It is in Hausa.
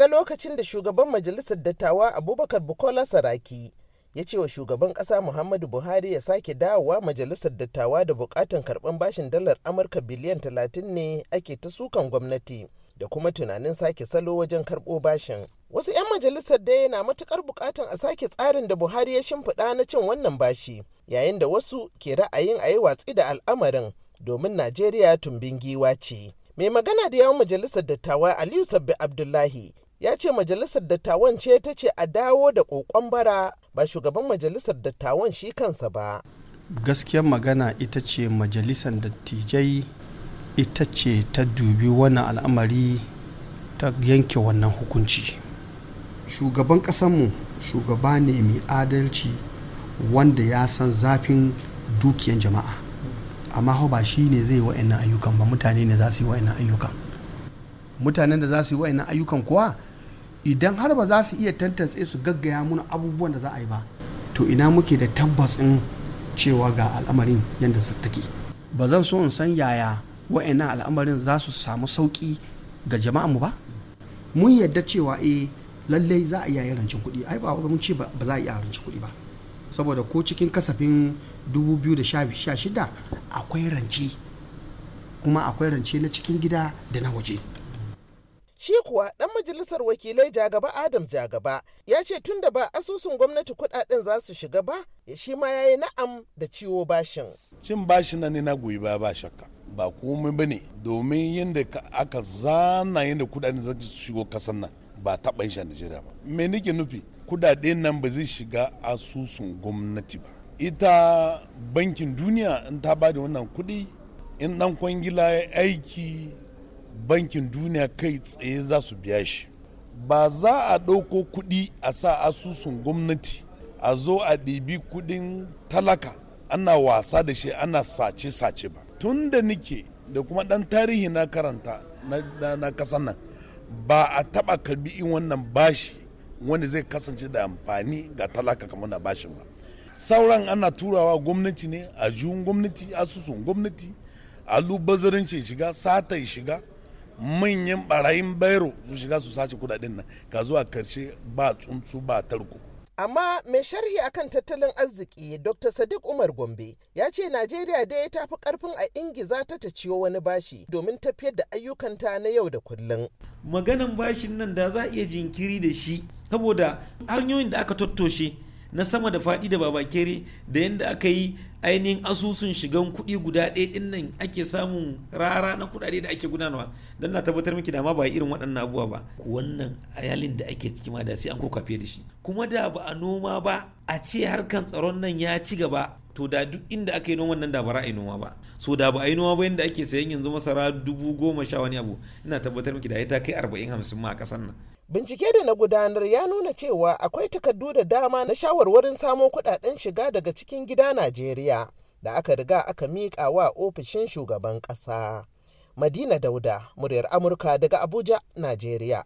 ga lokacin da shugaban majalisar dattawa abubakar bukola saraki ya ce wa shugaban ƙasa muhammadu buhari ya sake dawowa majalisar dattawa da buƙatan karɓan bashin dalar amurka biliyan talatin ne ake ta sukan gwamnati da kuma tunanin sake salo wajen karɓo bashin wasu 'yan majalisar dai na matukar buƙatan a sake tsarin da buhari ya shimfiɗa na cin wannan bashi yayin da wasu ke ra'ayin a yi watsi da al'amarin domin najeriya tumbin giwa ce mai magana da yawon majalisar dattawa aliyu sabbi abdullahi ya ce majalisar dattawan ce ta ce a dawo da kokon bara ba shugaban majalisar dattawan shi kansa ba gaskiyar magana ita ce majalisar dattijai ita ce ta dubi wannan al'amari ta yanke wannan hukunci shugaban ƙasanmu shugaba ne mai adalci wanda ya san zafin dukiyan jama'a amma ba shi ne zai wa'annan ayyukan ba mutane ne za su yi wa'annan ayyukan mutanen da za su yi wa'annan ayyukan kuwa idan har ba za su iya tantance su gaggaya muna abubuwan da za a yi ba to ina muke da in cewa ga al'amarin yadda su take ba zan so in san yaya wa'annan al'amarin za su samu sauki ga jama'anmu ba mun yadda cewa eh lallai za a iya rancin kuɗi ai ba mun ce ba za a iya rancin kuɗi ba saboda ko cikin kasafin 2016 akwai rance kuma akwai rance na cikin gida da na waje Shi kuwa ɗan majalisar wakilai Jagaba Adam Jagaba ya ce tun da ba asusun gwamnati kudaden za su shiga ba, shi ma ya yi na'am da ciwo bashin. Cin bashin nan ne na goyi ba ba shakka. Ba komai ba ne domin yadda aka zana yadda kudaden za su shigo kasan nan ba taɓa shi a Najeriya ba. Me nake nufi? kudaden nan ba zai shiga asusun gwamnati ba. Ita bankin duniya in ta ba da wannan kuɗi in ɗan kwangila aiki bankin duniya kai tsaye za su biya shi ba za a ɗauko kuɗi a sa asusun gwamnati a zo a ɗibi kuɗin talaka ana wasa da shi ana sace-sace ba tun da nike da kuma ɗan tarihi na karanta na kasan nan ba a taɓa karbi in wannan bashi wanda zai kasance da amfani ga talaka kamar na bashi ba sauran ana turawa gwamnati ne a juyin gwamnati asusun gwamnati alubazarin shiga sata shiga manyan barayin bairo su shiga su sace kudaden nan ka zuwa karshe ba tsuntsu ba tarko amma mai sharhi akan tattalin arziki dr sadiq umar gombe ya ce najeriya dai ta fi karfin a ingiza ta ta ciwo wani bashi domin tafiyar da ayyukanta na yau da kullun. maganan bashin nan da za a iya jinkiri da shi saboda hanyoyin da aka tattoshe na sama da faɗi da Baba babakere da yadda aka yi ainihin asusun shigan kuɗi guda ɗaya ɗin nan ake samun rara na kuɗaɗe da ake gudanarwa don na tabbatar miki da ma ba irin waɗannan abubuwa ba wannan ayalin da ake ciki ma da sai an ko kafe da shi kuma da ba a noma ba a ce harkan tsaron nan ya ci gaba to da duk inda aka yi noman nan da ba ra'ayi noma ba so da ba a yi noma ba yadda ake sayan yanzu masara dubu goma sha wani abu ina tabbatar miki da ya ta kai arba'in hamsin ma a ƙasar nan Bincike da na gudanar ya nuna cewa akwai takardu da dama na shawarwarin samo kudaden shiga daga cikin gida Najeriya da aka riga aka miƙa wa ofishin shugaban ƙasa. Madina Dauda, muryar Amurka daga Abuja, Najeriya.